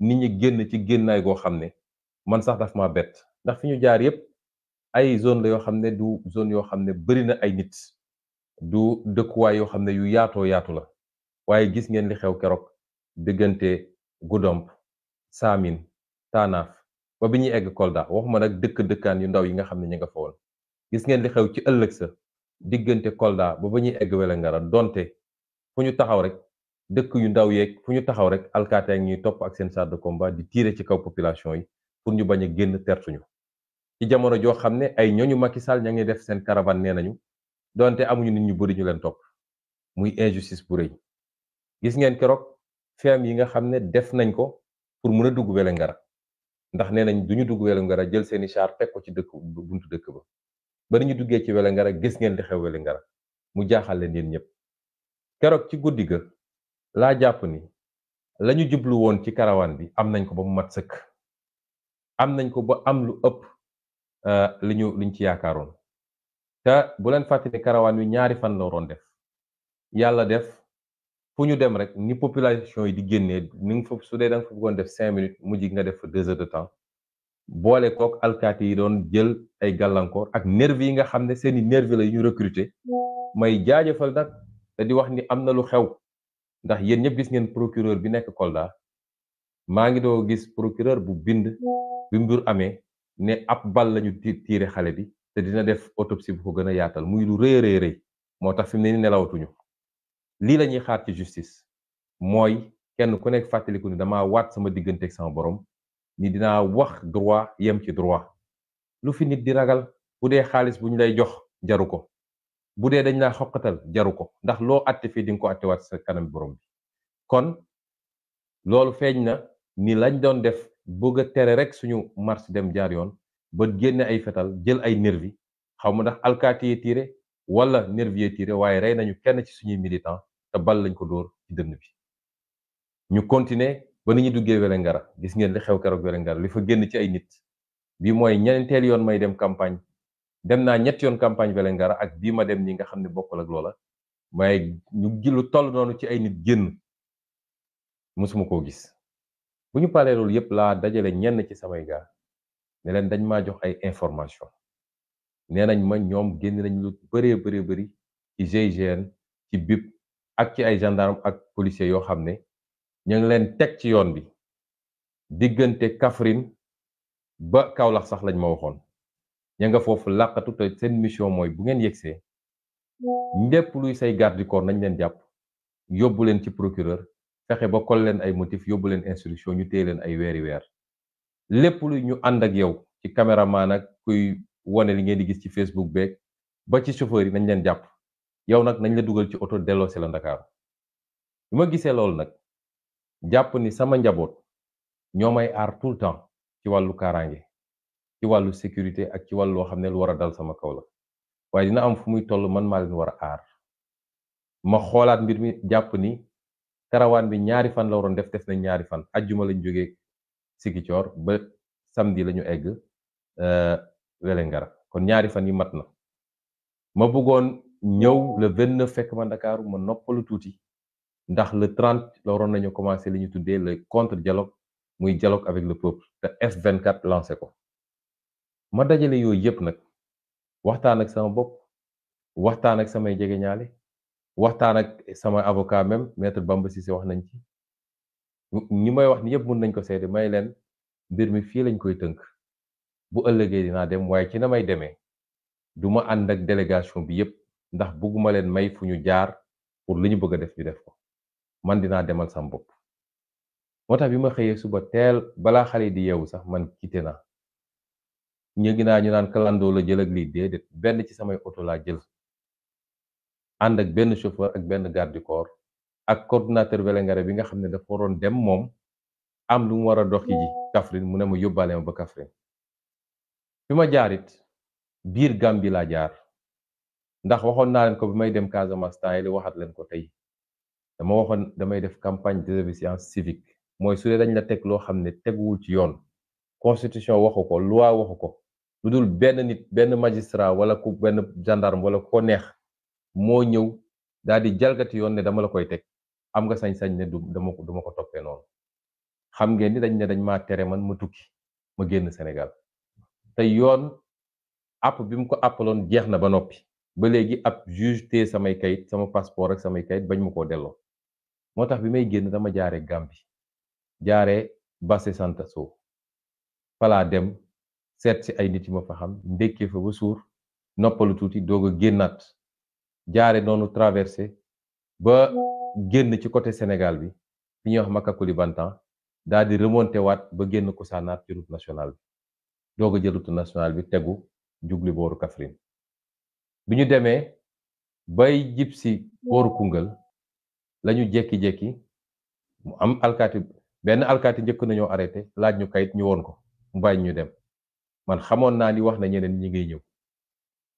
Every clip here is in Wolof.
nit ñi génn ci génnaay goo xam ne man sax daf ma bett ndax fi ñu jaar yépp ay zone la yoo xam ne du zone yoo xam ne bari na ay nit du dëkkuwaay yoo xam ne yu yaatoo yaatu la waaye gis ngeen li xew keroog diggante Goudomp Saamin Taanaaf ba bi ñuy egg Kolda waxuma nag dëkk dëkkaan yu ndaw yi nga xam ne ñu nga fa woon gis ngeen li xew ci ëllëg sa diggante Kolda ba ba ñuy egg Wélingara donte fu ñu taxaw rek dëkk yu ndaw yeeg fu ñu taxaw rek alkaate ak ñuy topp ak seen char de combat di tirer ci kaw population yi pour ñu bañ a génn tertuñu ci jamono joo xam ne ay ñooñu Macky Sall ña ngi def seen caravane nee nañu donte amuñu nit ñu bëri ñu leen topp muy injustice bu rëy gis ngeen keroog feem yi nga xam ne def nañ ko pour mën a dugg Vélingara ndax nee nañ du ñu dugg Vélingara jël seeni char teg ko ci dëkk buntu dëkk ba bari ñu duggee ci Vélingara gis ngeen di xew Vélingara mu jaaxal leen yéen ñëpp keroog ci guddi ga laa jàpp ni la ñu jublu woon ci karawaan bi am nañ ko ba mu mat sëkk am nañ ko ba am lu ëpp euh, li ñu liñ ci yaakaaroon te bu leen fàttali karawaan wi ñaari fan la waroon def yàlla def fu ñu dem rek ni population yi di génnee ni nga fa su dee da nga fa def cinq minutes mujj nga def fa deux heures de temps boole kook alkaati yi doon jël ay gàllankoor ak nervi yi nga xam ne seeni nervi la yu ñu recruter may jaajëfal nag te di wax ni am na lu xew ndax yéen ñëpp gis ngeen procureur bi nekk Kolda maa ngi doo gis procureur bu bind bi mbir amee ne ab bal lañu ñu tiire xale bi te dina def autopsie bu ko gën a yaatal muy lu rëy rëy rëy moo tax fi ne ni nelawatuñu lii la ñuy xaar ci justice mooy kenn ku nekk fàttaliku ni damaa waat sama digganteeg sama borom ni dinaa wax droit yem ci droit lu fi nit di ragal bu dee xaalis bu ñu lay jox jaru ko bu dee dañ laa xoqatal jaru ko ndax loo atte fii di nga ko attewaat sa kanam borom bi kon loolu feeñ na ni lañ doon def bëgg a tere rek suñu marche dem jaar yoon ba génne ay fetal jël ay nervi xaw ma ndax alkaati yee tiire wala nervi yee tiire waaye rey nañu kenn ci suñuy militant te bal lañ ko dóor ci dënn bi ñu continuer ba ni ñu duggee Wélingara gis ngeen li xew keroog Wélingara li fa génn ci ay nit bi mooy ñeneenteel yoon may dem campagne dem naa ñetti yoon campagne Vélingara ak bii ma dem ñi nga xam ne bokkul ak loola waaye ñu gilu toll noonu ci ay nit génn mosuma koo gis bu ñu paree loolu yëpp laa dajale ñenn ci samay gaar ne leen dañ maa jox ay information nee nañ ma ñoom génn nañ lu bëree bëree bëri ci GIGN ci BIP ak ci ay gendarme ak policier yoo xam ne ñu ngi leen teg ci yoon bi diggante Kaffrine ba Kaolack sax lañ ma waxoon ña nga foofu làqatu te seen mission mooy bu ngeen yegsee ndépp luy say garde corps nañ leen jàpp yóbbu leen ci procureur fexe ba kol leen ay motif yóbbu leen instruction ñu téye leen ay weeri weer lépp luy ñu ànd ak yow ci caméraman ak kuy wane li ngeen di gis ci Facebook beeg ba ci chauffeur yi nañ leen jàpp yow nag nañ la dugal ci oto delloosi la Ndakaaru bi ma gisee loolu nag jàpp ni sama njaboot ñoo may aar tout le temps ci wàllu kaaraange ci wàllu sécurité ak ci wàllu loo xam ne lu war a dal sama kaw la waaye dina am fu muy toll man maa leen war a aar ma xoolaat mbir mi jàpp ni karawaan bi ñaari fan la waroon def def na ñaari fan ajjuma lañu jógee Sigicoor ba samedi la ñu egg Wélingara euh, kon ñaari fan yi mat na ma bëggoon ñëw le vingt neuf fekk ma Ndakaaru ma noppalu tuuti ndax le trente la waroon nañu commencé li ñu tuddee le contre dialogue muy dialogue avec le peuple te F24 lancé ko ma dajale yooyu yëpp nag waxtaan ak sama bopp waxtaan ak samay jegeñaale waxtaan ak sama avocat même maître Bamba Cissé wax nañ ci ñi may wax ni yëpp mën nañ ko seede may leen mbir mi fii lañ koy tënk bu ëllëgee dinaa dem waaye ci na may demee duma ànd ak délégation bi yëpp ndax bëgguma leen may fu ñu jaar pour lu ñu bëgg a def ñu def ko man dinaa demal sama bopp moo tax bi ma xëyee suba teel balaa xale di yeewu sax man quitté naa ñu ginaa ñu naan kalandoo la jël ak lii déedéet benn ci samay oto laa jël ànd ak benn chauffeur ak benn garde du corps ak coordonnateur Vélingara bi nga xam ne dafa waroon dem moom am lu mu war a dox ji Kaffrine mu ne ma yóbbaale ma ba Kaffrine fi ma jaarit biir Gàmbi laa jaar ndax waxoon naa leen ko bi may dem Casamance temps yi waxaat leen ko tey dama waxoon damay def campagne de désobéissance civique mooy su dañ la teg loo xam ne teguwul ci yoon constitution waxu ko loi waxu ko lu dul benn nit benn magistrat wala ku benn gendarme wala ko neex moo ñëw daal di jalgati yoon ne dama la koy teg am nga sañ-sañ ne du dama ko duma ko toppee noonu xam ngeen ni dañ ne dañ maa tere man ma tukki ma génn senegal te yoon àpp bi mu ko appaloon jeex na ba noppi ba léegi ab juge samay kayit sama passeport ak samay kayit bañ ma ko delloo moo tax bi may génn dama jaaree Gambie jaaree Basse-Santa Sow falaa dem seet si ay nit yi ma fa xam ndekkee fa ba suur noppalu tuuti doog génnaat jaare noonu traversé ba génn ci côté Sénégal bi fi ñuy wax Makakoulibantan daal di remonté waat ba génn Kousanaar ci route nationale bi doog a jël route nationale bi tegu jubli booru Kaffrine bi ñu demee bay jib si booru Koungheul la ñu jekki-jekki mu am alkaati benn alkaati njëkk nañoo arrêté laaj ñu kayit ñu woon ko mu ñu dem man xamoon naa ni wax na ñeneen ñi ngay ñëw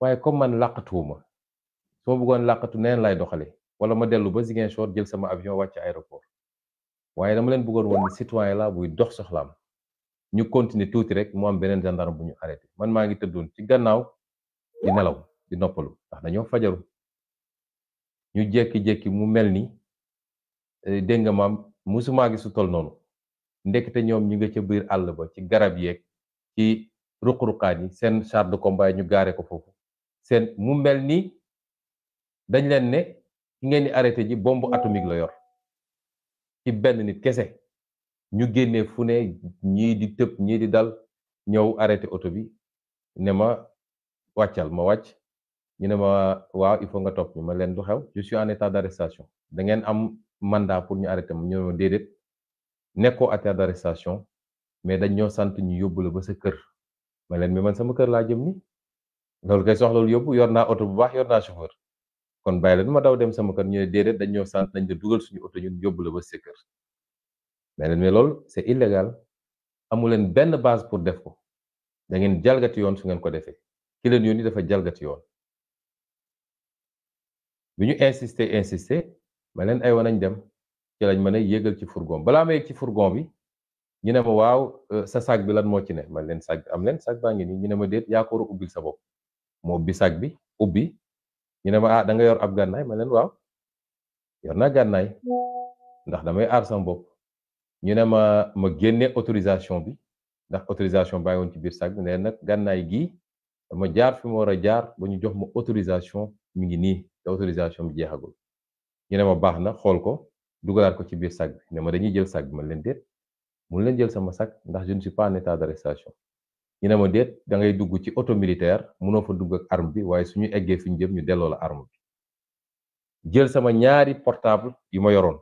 waaye comme man làqatuwuma su ma bëggoon làqatu neen lay doxale wala ma dellu ba Ziguinchor jël sama avion wàcc aéroport waaye dama leen bëggoon woon ne citoyen la buy dox soxlaam ñu continuer tuuti rek mu am beneen gendarme bu ñu arrêté man maa ngi tëddoon ci gannaaw di nelaw di noppalu ndax dañoo fajaru ñu jékki-jékki mu mel ni eh, dégg nga maam musumaa gi su tol noonu ndekete ñoom ñu ngi ca biir àll ba ci garab yeeg ruq-ruqaan yi seen char de combat yi ñu gaare ko foofu seen mu mel ni dañ leen ne ki ngeen di arrêté ji bombe atomique la yor ci benn nit kese ñu génnee fu ne ñii di tëb ñii di dal ñëw arrêté oto bi ne ma wàccal ma wàcc ñu ne ma waaw il faut nga topp ñu ma leen du xew je suis en état d'arrestation da ngeen am mandat pour ñu arrêté ma ñu ma déedéet nekkoo état d'arrestation mais dañ ñoo sant ñu yóbbu la ba sa kër ma leen mais man sama kër laa jëm ni loolu kay soxla yóbbu yor naa oto bu baax yor naa chauffeur kon baay leen ma daw dem sama kër ñu ne déedéet dañ ñoo sant nañ la dugal suñu oto ñun yóbbu la ba sa kër ma leen mais lool c'est illégal amu leen benn base pour def ko da ngeen jalgati yoon su ngeen ko defee ki leen yónni dafa jalgati yoon bi ñu insister insister ma leen ay woon nañ dem ci lañ mën a yéegal ci fourgon balaa ma yegg ci furgon bi. ñu ne ma waaw euh, sa sac bi lan moo ci ne man leen sag am leen sac baa ngi nii ñu ne ma déet yaa ko war ubbil sa bopp moo ubbi sag bi ubbi ñu ne ma ah da nga yor ab gànnaay man leen waaw yor naa gànnaay ndax damay aar sama bopp ñu ne ma ma génne autorisation bi ndax autorisation bàyyi woon ci biir sac bi ne nag gànnaay gii ma jaar fi ma war a jaar ba ñu jox ma autorisation mu ngi nii te autorisation bi jeexagul ñu ne ma baax na xool ko dugalaat ko ci biir sag bi ne ma dañuy jël sag bi man leen déet. mun leen jël sama sac ndax je ne suis pas en état d'arrestation ñu ne ma déet da ngay dugg ci auto militaire munoo fa dugg ak arme bi waaye suñu eggee fi ñu jëm ñu delloo la arme bi jël sama ñaari portable yi ma yoroon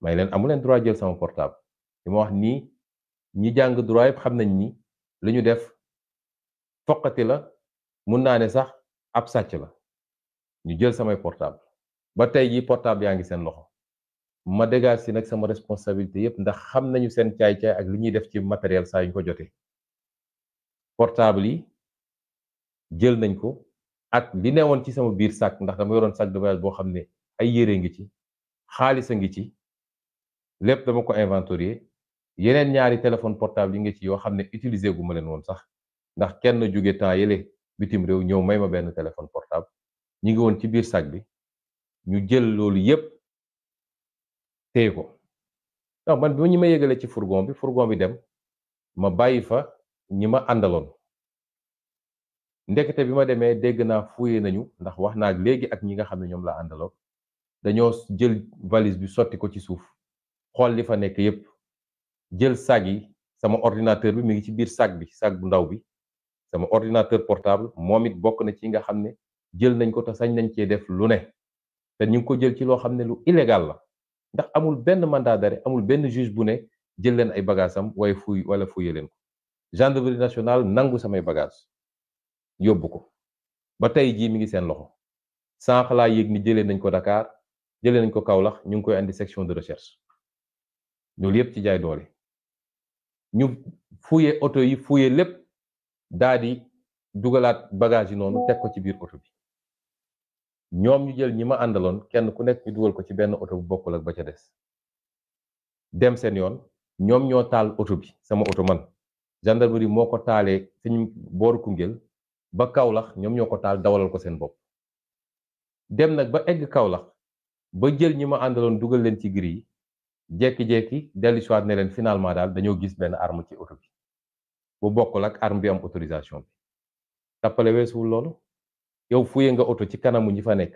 may leen amu leen droit jël sama portable li ma wax nii ñi jàng droit yëpp xam nañ ni li ñu def foqati la mun naa ne sax ab sàcc la ñu jël samay portable ba tey ji portable yaa ngi seen loxo ma dégaat si nag sama responsabilité yëpp ndax xam nañu seen caay-caay ak li ñuy def ci matériel saa ñu ko jotee portable yi jël nañ ko ak li newoon ci sama biir sac ndax dama yoroon sac de voyage boo xam ne ay yére ngi ci xaalis a ngi ci lépp dama ko inventorier yeneen ñaari téléphone portable yi nga ci yoo xam ne utiliser guma leen woon sax ndax kenn jóge temps yële bitim réew ñëw may ma benn téléphone portable ñi ngi woon ci biir sac bi ñu jël loolu yépp téye ko non man bi ñu ma yégalee ci fourgon bi fourgon bi dem ma bàyyi fa ñi ma àndaloon ndekete bi ma demee dégg naa fuye nañu ndax wax naa léegi ak ñi nga xam ne ñoom laa àndaloon dañoo jël valise bi sotti ko ci suuf xool li fa nekk yépp jël saag yi sama ordinateur bi mi ngi ci biir saag bi sag bu ndaw bi sama ordinateur portable moom it bokk na ci nga xam ne jël nañ ko te sañ nañ cee def lu ne te ñu ngi ko jël ci loo xam ne lu illegal la ndax amul benn mandat d'arrêt amul benn juge bu ne jël leen ay bagages am waaye fuy wala fuye leen ko gendarmerie nationale nangu samay bagages yóbbu ko ba tey jii mi ngi seen loxo sànq laa yëg ni jëlee nañ ko dakaar jëlee nañ ko Kaolack ñu ngi koy andi section de recherche loolu yëpp ci jaay doole ñu fuye oto yi fuye lépp daa di dugalaat bagages yi noonu teg ko ci biir oto bi. ñoom ñu jël ñi ma àndaloon kenn ku nekk ñu dugal ko ci benn oto bu bokkul ak ba ca des dem seen yoon ñoom ñoo taal auto bi sama oto man gendarmerie moo ko taalee suñu booru Koungheul ba kawlax ñoom ñoo ko taal dawalal ko seen bopp dem nag ba egg Kaolack ba jël ñi ma àndaloon dugal leen ci giri yi jékki-jékki dellu siwaat ne leen finalement daal dañoo gis benn arme ci oto bi bu bokkul ak arme bi am autorisation bi tappale weesuwul loolu yow fuye nga oto ci kanamu ñi fa nekk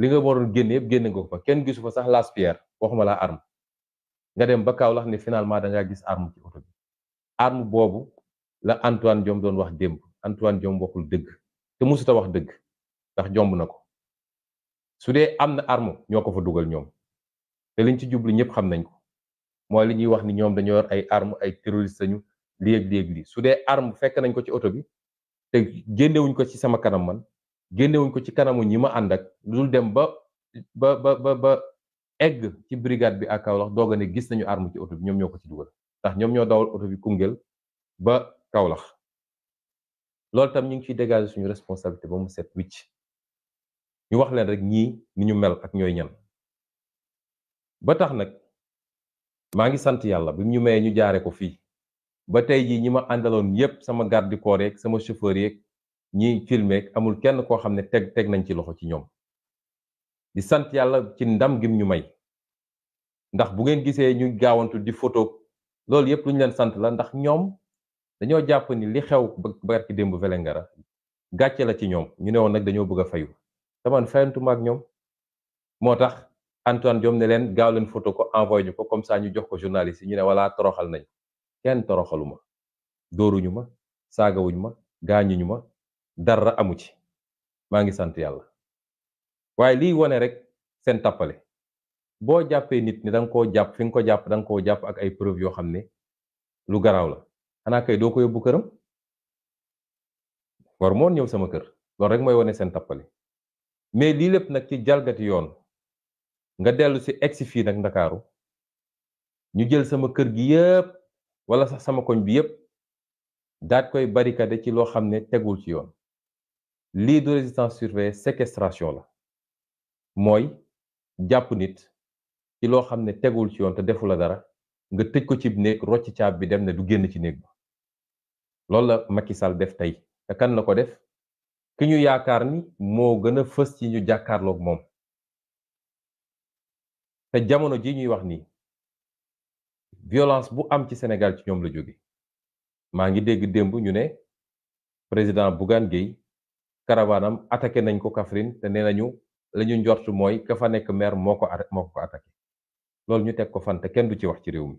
li nga waroon génn yëpp génne nga ko fa kenn gisu fa sax las pierre waxuma laa arme nga dem ba lax ne finalement da ngaa gis arme ci oto bi boobu la Antoine Diome doon wax démb Antoine Diome waxul te musuta wax dëgg ndax jomb na ko su dee am na arme ñoo ko fa dugal ñoom te liñ ci jublu ñëpp xam nañ ko mooy li ñuy wax ni ñoom dañoo yor ay arme ay terroriste lañu léeg-léeg su dee arme fekk nañ ko ci oto bi te génnewuñ ko ci sama kanam man génnewuñ ko ci kanamu ñi ma àndak ak dul dem ba ba ba ba egg ci brigade bi ak Kaolack doog a ne gis nañu armu ci oto bi ñoom ñoo ko ci dugal ndax ñoom ñoo dawal oto bi Koungheul ba Kaolack loolu tam ñu ngi ciy dégager suñu responsabilité ba mu set wicc ñu wax leen rek ñii ni ñu mel ak ñooy ñan ba tax nag maa ngi sant yàlla bi ñu mayee ñu jaaree ko fii ba tey jii ñi ma àndaloon yépp sama garde corps yeeg sama chauffeur yeeg ñi filmeek amul kenn koo xam ne teg teg nañ ci loxo ci ñoom di sant yàlla ci ndam gim ñu may ndax bu ngeen gisee ñu gaawantu di photo loolu yëpp lu ñu leen sant la ndax ñoom dañoo jàpp ni li xew barki démb Vélingara gàcce la ci ñoom ñu ne woon nag dañoo bëgg a fayu taman fayantuma ak ñoom moo tax Antoine jom ne leen gaaw leen photo ko envoyé ñu ko comme ça ñu jox ko journaliste yi ñu ne wala toroxal nañ kenn toroxalu ma dóoruñu ma saagawuñu ma gaañuñu ma dara amu ci maa ngi sant yàlla waaye liy wane rek seen tappale boo jàppee nit ni danga nga koo jàpp fi nga ko jàpp danga nga koo jàpp ak ay preuve yoo xam ne lu garaaw la xanaa kay doo ko yóbbu këram war moo ñëw sama kër loolu rek mooy wane seen tappale mais lii lépp nag ci jalgati yoon nga dellu si egsi fii nag ndakaaru ñu jël sama kër gi yépp wala sax sama koñ bi yépp daat koy barikade ci loo xam ne tegul ci yoon lii du résistance surveillée sekestration la mooy jàpp nit ci loo xam ne tegul ci yoon te defu la dara nga tëj ko ci néeg rocc caab bi dem ne du génn ci néeg ba loolu la Macky Sall def tey te kan la ko def ki ñu yaakaar ni moo gën a fës ci ñu jàkkaarlook moom te jamono ji ñuy wax ni violence bu am ci Sénégal ci ñoom la jóge maa ngi dégg démb ñu ne président Bougane Gueye karawaanam attaqué nañ ko Kaffrine te nee nañu la ñu njort mooy ka fa nekk maire moo ko moo ko attaqué loolu ñu teg ko fan te kenn du ci wax ci réew mi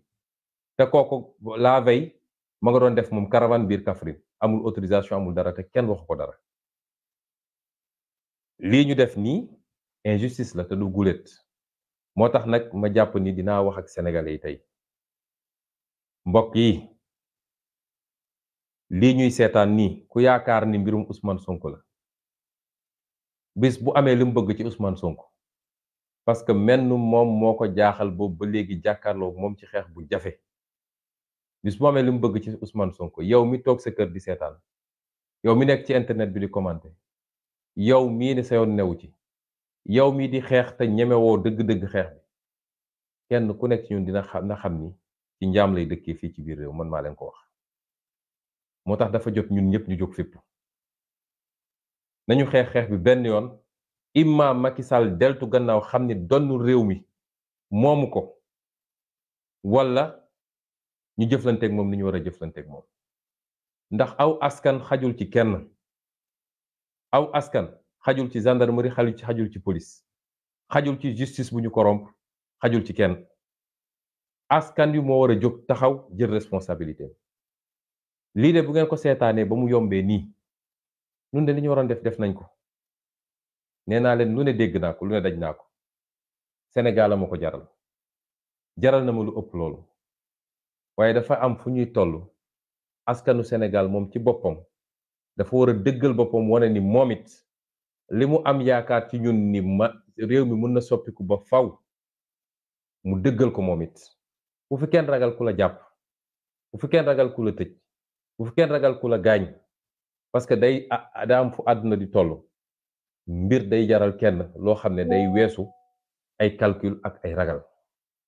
te kooku la veille ma nga doon def moom caravane biir Kaffrine amul autorisation amul dara te kenn waxu ko dara lii ñu def nii injustice la te du guléet moo tax nag ma jàpp ni dinaa wax ak sénégalais yi tey mbokk yi lii ñuy seetaan nii ku yaakaar ni mbirum usman Sonko la bis bu amee li mu bëgg ci Ousmane Sonko parce que menn moom moo ko jaaxal boobu ba léegi jàkkaarloo moom ci xeex bu jafe bis bu amee li mu bëgg ci usman Sonko yow mi toog sa kër di seetaan yow mi nekk ci internet bi di commenté yow mii ne sa yoon newu ci yow mii di xeex te ñemewoo dëgg-dëgg xeex bi kenn ku nekk ci ñun dina xam na xam ni ci njaam lay dëkkee fii ci biir réew man maa leen ko wax moo tax dafa jot ñun ñëpp ñu jóg fipp nañu xeex xeex bi benn yoon imma Macky Sall deltu gannaaw xam ni donnu réew mi moomu ko wala ñu jëflanteeg moom ni ñu war a jëflanteeg moom ndax aw askan xajul ci kenn aw askan xajul ci gendarmerie xajul ci xajul ci police xajul ci justice bu ñu koromp xajul ci kenn askan wi moo war a jóg taxaw jël responsabilité lii de bu ngeen ko seetaanee ba mu yombee nii nun de li ñu waroon def def nañ ko nee naa leen lu ne dégg naa ko lu ne daj naa ko Sénégal ma ko jaral jaral na ma lu ëpp loolu waaye dafa am fu ñuy tollu askanu Sénégal moom ci boppam dafa war a dëggal boppam wane ni moom it li mu am yaakaar ci ñun ni ma réew mi mën na soppiku ba faw mu dëggal ko moom it bu fi kenn ragal ku la jàpp bu fi kenn ragal ku la tëj bu fi kenn ragal ku la gaañ parce que day ah, ah, daa am fu àdduna di toll mbir day jaral kenn loo xam ne day mm. weesu ay calcul ak ay ragal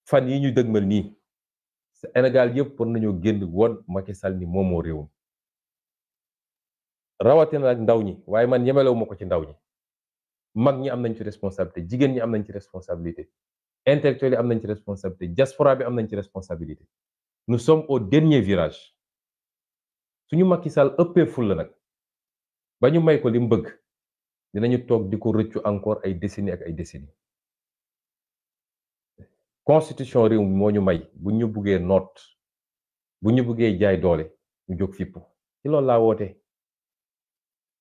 fan yi ñu mal nii Sénégal yëpp war nañoo génn woon makisal ni moom moo réewum rawatina ak ndaw ñi waaye man yemelewu ma ko ci ndaw ñi mag ñi am nañ ci responsabilité jigéen ñi am nañ ci responsabilité intellectuel yi am nañ ci responsabilité diaspora bi am nañ ci responsabilité nous sommes au dernier virage suñu Macky Sall ëppee ful la nag ba ñu may ko li mu bëgg dinañu toog di ko rëccu encore ay décennies ak ay décennies constitution réew moo ñu may bu ñu buggee noot bu ñu buggee jaay doole ñu jóg fipp ci loolu laa woote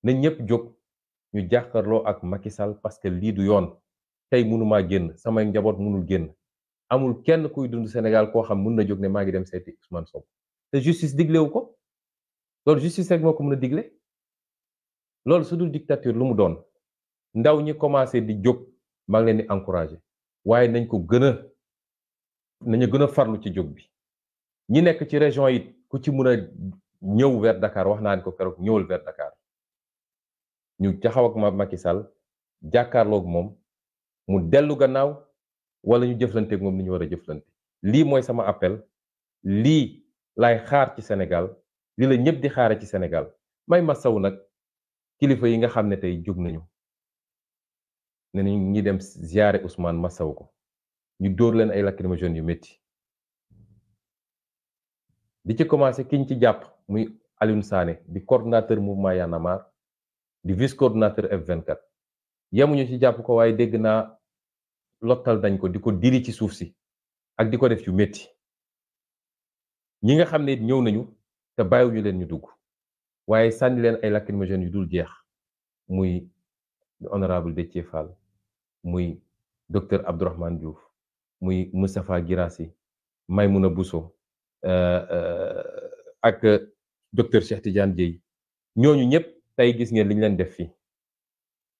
na ñëpp jóg ñu jàkkaarloo ak Macky Sall parce que lii du yoon tey mënumaa génn sama njaboot mënul génn amul kenn kuy dund senegal koo xam mën na jóg ne maa ngi dem seeti Ousmane Sonko te justice diglewu ko loolu justice rek moo ko mën a digle loolu su dul dictature lu mu doon ndaw ñi commencé di jóg maa ngi leen di encouragé waaye nañ ko gën a nañu gën a farlu ci jóg bi ñi nekk ci région yi ku ci mun a ñëw vers Dakar wax naa ni ko keroog ñëwal vers Dakar ñu taxaw ak ma Macky Sall jàkkaarloog moom mu dellu gannaaw wala ñu jëflanteeg moom ni ñu war a jëflante lii mooy sama appel lii lay xaar ci senegal lii la ñëpp di xaare ci senegal may ma saw nag kilifa yi nga xam ne tey jóg nañu ne ñu ñi dem ziyaare Ousmane Massaw ko ñu dóor leen ay lacrymogènes yu métti di ci commencé kiñ ci jàpp muy Alioune Sané di coordonnateur mouvement Y'en a marre di vice coordonnateur F24 yemuñu ci jàpp ko waaye dégg naa lottal dañ ko di ko diri ci suuf si ak di ko def yu metti ñi nga xam ne ñëw nañu te bàyyiwuñu leen ñu dugg waaye sànni leen ay lacrymogènes yu dul jeex muy honorable Déthié Fall muy docteur Abdourahmane Diouf muy Moustapha Guirassy Maymouna Bousso euh, euh, ak docteur Cheikh Tidiane Dièye ñooñu ñëpp tey gis ngeen liñ leen def fii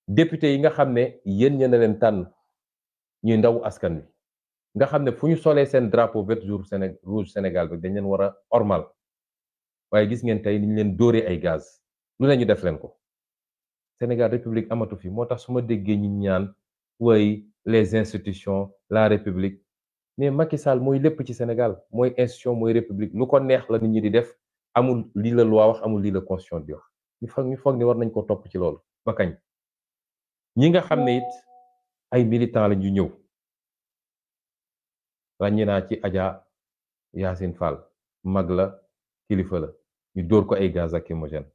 député yi nga xam ne yéen ña na leen tànn ñuy ndawu askan wi nga xam ne fu ñu solee seen drapeau vert jour Sénégal rouge Sénégal bi dañ leen war a ormal waaye gis ngeen tey ni ñu leen dóoree ay gaz lu ne ñu def leen ko Sénégal république amatu fi moo tax suma déggee ñi ñaan way les institutions la république mais Macky Sall mooy lépp ci Sénégal mooy institution mooy république lu ko neex la nit ñi di def amul lii la loi wax amul lii la constitution bi wax ñu foog ni war nañ ko topp ci loolu ba kañ ñi nga xam ne it ay militants la ñu ñëw ràññee naa ci Adja Yacine Fall mag la kilifa la ñu dóor ko ay gaz ak lacrymogène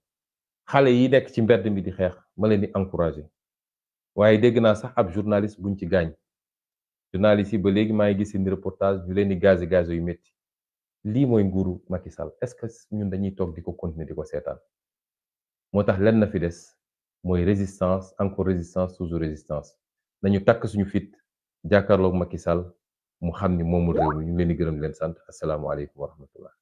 xale yi nekk ci mbedd mi di xeex ma leen di encouragé waaye dégg naa sax ab journaliste buñ ci gaañ journaliste yi ba léegi maa ngi gis seen reportage ñu leen di gaz gaz yu métti lii mooy nguuru Macky Sall est-ce que ñun dañuy toog di ko continuer di ko seetaan moo tax lenn na fi des mooy résistance encore résistance toujours résistance nañu takk suñu fit jàkkaarloog Macky Sall mu xam ni moomul réew mi ñu leen di gërëm leen sant asalaamaaleykum wa rahmatullah